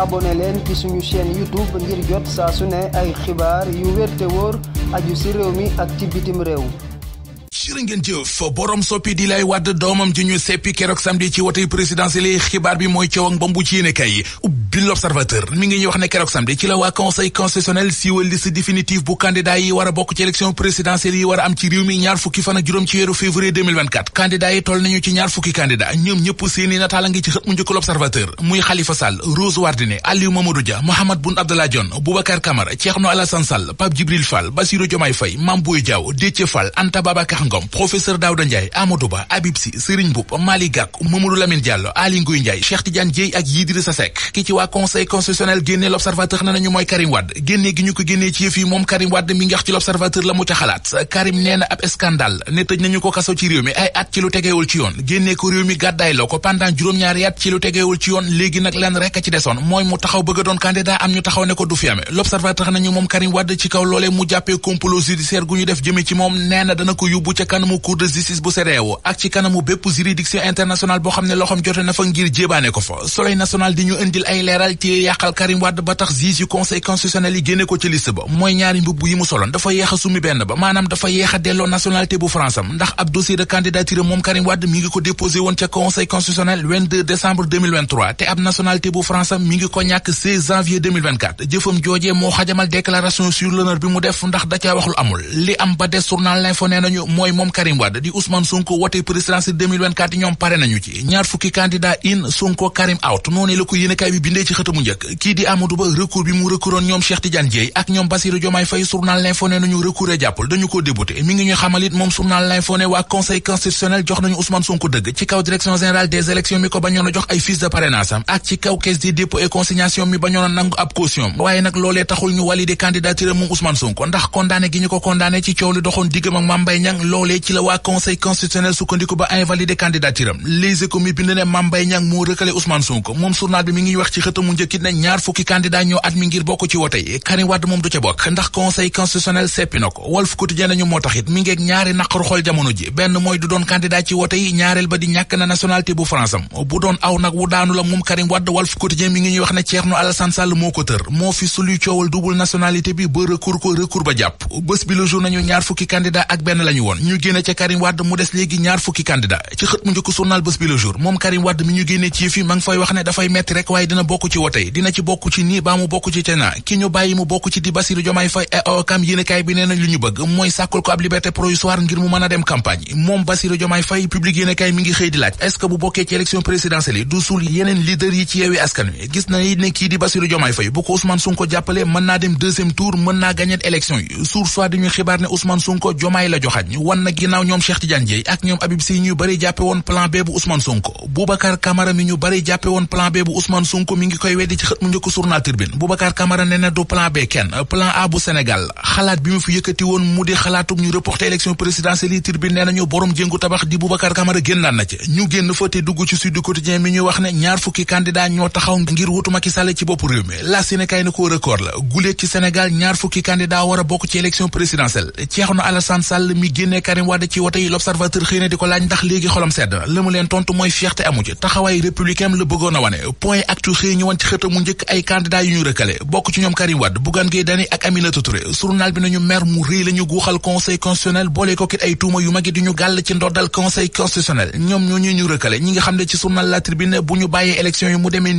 abonné leen ci suñu chaîne YouTube ngir jot saa su ne ay xibaar yu wér te wóor aju ci réew mi ak ci bitim réew. jërë ngeen jëf boroom soppi di lay wàdd doomam ji ñu seppi keroog samedi ci wotey présidentielle yi xibaar bi mooy coow ak mbombu ci yéene kay. bi l'observateur mi ngi ñuy wax ne keroog samedi ci la waa conseil constitutionnel siiwal liste définitive bu candidat yi war bokk ci élection présidentielle yi war am ci réew mi ñaar fukki fan ak juróom ci weeru février 2024 yi toll nañu ci ñaar fukki candidat ñoom ñëpp seeni nataal a ngi ci xët mu njëkk l'observateur muy Khalifa Sall Rose Wardini Aliou Mamadou Dia Mohamed Boun Abdallah Dionne Boubacar Camara Thierno Alassane Sall Pape Djibril Fall Bassirou Diomaye waa conseil constitutionnel génnee l'observateur ne nañu mooy Karim Wade génnee gi ñu ko génnee ci yëf yi moom Karim Wade mi ngi wax ci l'observateur la mu ca xalaat Karim nee na ab scandale ne tëj nañu ko kaso ci réew mi ay at ci lu tegewul ci yoon génnee ko réew mi gàddaay loo ko pendant juróom-ñaari at ci lu tegewul ci yoon léegi nag lenn rek a ci desoon mooy mu taxaw bëgg a doon candidat am ñu taxaw ne ko du fi amee l'observateur nañu moom Karim Wade ci kaw loolee mu jàppee complot judiciaire gu ñu def jëme ci moom nee na dana ko yóbbu ca kanamu cour de justice bu CEDEAO ak ci kanamu bépp juridiction internationale boo xam ne loxom jote na fa ngir jéebaane ko fa soleil national di ñu indil ay leeral ci yàqal Karim ba tax juge yu conseil constitutionnel yi génne ko ci ba mooy ñaari mbubb yi mu soloon dafa yeex summi benn ba maanaam dafa yeex delloo nationalité bu France am ngi ko déposé woon ca conseil constitutionnel 22 te ab nationalité bu France am ngi ko ñàkk janvier jëfam joojee moo xajamal déclaration sur l'honneur bi mu def ndax da caa wax lu amul li am ba des journal l'info nee nañu mooy moom Karim di Ousmane Sonko ko dee ci xëtamu njëkk kii di Amadou Ba recours bi mu recouroon ñoom Cheikh Tidiane Dièye ak ñoom Bassirou Diomaye Faye journal l'info nañu recours jàppul dañu ko débouté mi ngi ñu xamal moom journal l'info waaye nag loolee taxul ñu valider candidature moom Ousmane Sonko ndax condamné gi ñu ko condamné ci coow li doxoon diggam ak Mame Mbaye Niang ci la waa conseil constitutionnel sukkandiku ba invalider candidature am Les mi bind ne Mame Mbaye moo rëkkale xëtamu njëkkit ne ñaar fukki candidat ñoo at mi ngir bokk ci wote yi Karim Wade moom du ca bokk ndax conseil constitutionnel seppi na ko Walf fukki candidat moom Karim Wade mi ñu génne ci yëf ma ngi fay wax ne dafay metti rek waaye dina bokk bokk ci wote dina ci bokk ci nii baa mu bokk ci tena ki ñu bàyyi mu bokk ci di Bassirou Diomaye Faye okam yéenekaay bi nee nañ lu ñu bëgg mooy sàkkul ko ab liberté provisoire ngir mu mën dem campagne moom Bassirou Diomaye Faye public yéenekaay mi ngi xëy di laaj est bu bokkee ci élection présidentielle yi du suul yeneen leader yi ci yeewi askan wi gis na ne kii di Bassirou Diomaye Faye bu ko Ousmane Sonko jàppale mën naa dem deuxième tour mën naa gagner élection yi ngi koy weddi ci xët mu njëkk journal Tribune Boubacar Camara ne du plan B kenn plan A bu xalaat bi mu fi yëkkati woon mu di xalaatu ñu reporter élection présidentielle yi Tribune nee nañu borom jéngu tabax di Boubacar Camara génnaan na ci ñu génn fa te dugg ci Sud Quotidien mi ñuy wax ne ñaar fukki candidat ñoo taxaw ngir wutu Macky Sall ci bopp réew mi la Sénégal ne ko record la guléet ci Sénégal ñaar fukki candidat war a bokk ci élection présidentielle Thierno Alassane Sall mi génnee na di la mu leen tontu mooy fierté amu ci taxawaay républicain la ñu woon ci xëtamu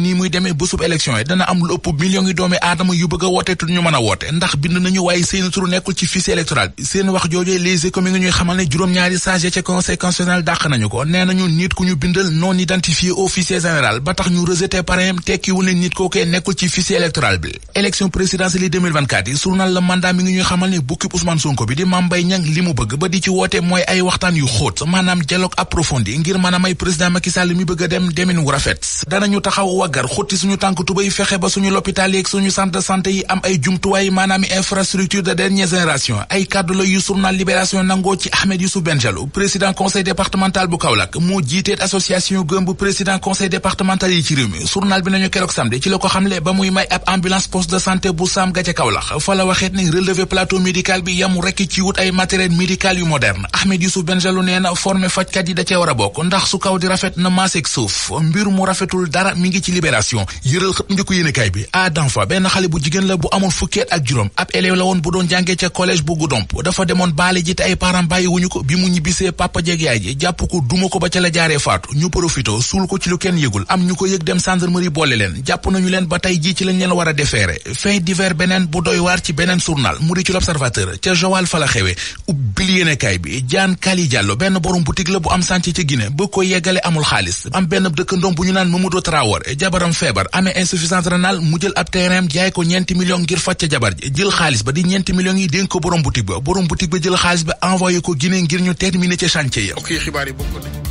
nii muy demee bésub élection yi am lu ëpp millions yi doomi aadama yu bëgg a ñu mën woote ndax bind nañu waaye seen turu nekkul ci fichier électoral bi wax joojee les éco mi ngi ñuy xamal ne juróom-ñaari sage ca conseil constitutionnel dàq nañu ko nee nañu nit ku ñu bindal non identifié au général ba tax ñu rejeté parrain tekki tekkiwul ne nit kookee nekkul ci fichier électoral bi élection présidentielle yi 2024 yi journal la mandat mi ngi ñuy xamal ne bukkib Ousmane Sonko bi di Mame Mbaye Niang li mu bëgg ba di ci woote mooy ay waxtaan yu xóot maanaam dialogue approfondi ngir maanaam ay président Macky mi bëgg a dem demin wu rafet danañu taxaw waggar xotti suñu tànk tubay fexe ba suñu l'hôpital yeeg suñu centre santé yi am ay jumtuwaay maanaam infrastructure de dernière génération ay kàddu keroog samedi ci la ko xamle ba muy may ab ambulance poste de santé bu Sam ga ca Kaolack fa la waxeet ni relevé plateau médical bi yamu rekk ci wut ay matériel médical yu moderne Ahmed Youssouf Benjalou nee na formé fajkat yi da cee war a bokk ndax su kaw di rafet na maaseeg suuf mbir mu rafetul dara mi ngi ci libération yëral xët njëkko yéenekaay bi Adam Fa benn xale bu jigéen la bu amoon fukkeet ak juróom ab élève la woon bu doon jàngee ca collège bu Goudomp leen jàpp nañu leen ba tey jii ci lañ leen war a defeere fait divers beneen bu doy waar ci beneen journal mu di l'observateur ca Joal fa xewe ubbil yéenekaay bi Jaan Kali Diallo benn borom boutique la bu am sànc ca Guinée ba ko yeggale amul xaalis am benn dëkkandoom bu ñu naan Mamadou Traoré jabaram feebar amee insuffisance rénale mu jël ab terrain jaay ko ñeenti million ngir faj ca jabar ji jël xaalis ba di ñeenti millions yi dénk ko borom boutique ba